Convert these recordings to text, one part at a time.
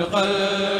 القلب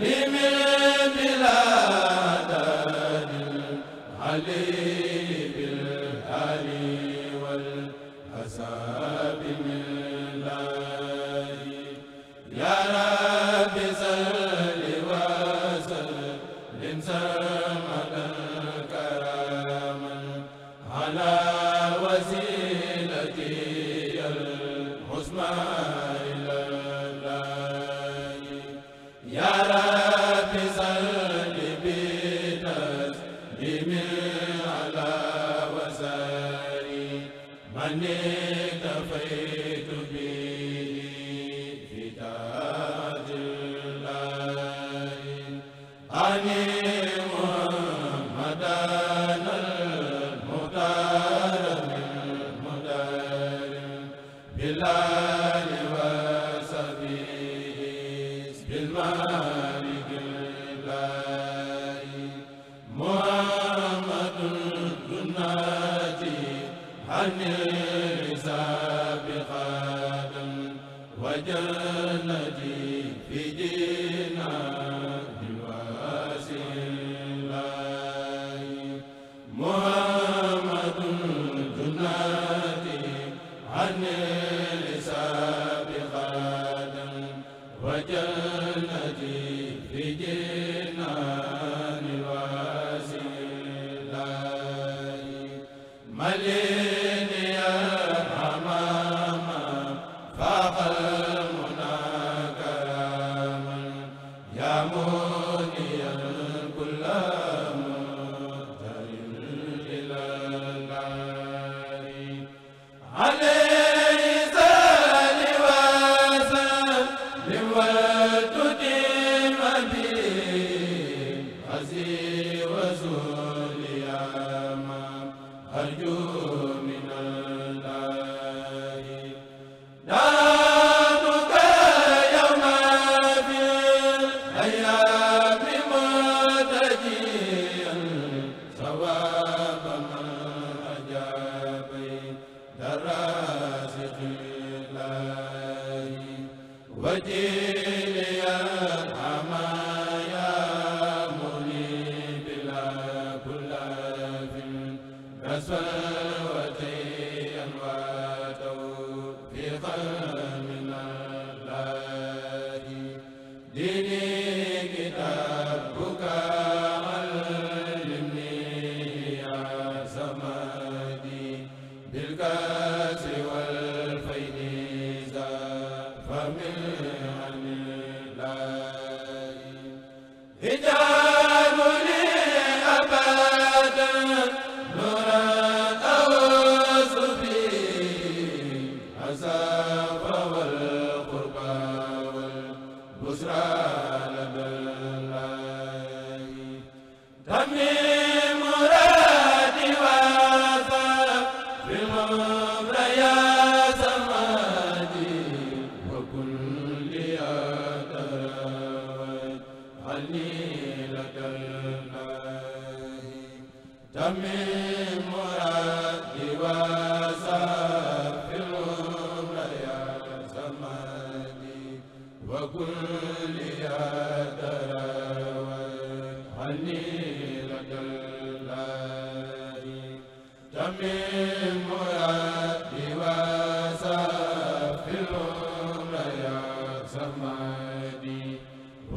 limin biladil alim ani aswa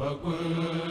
wa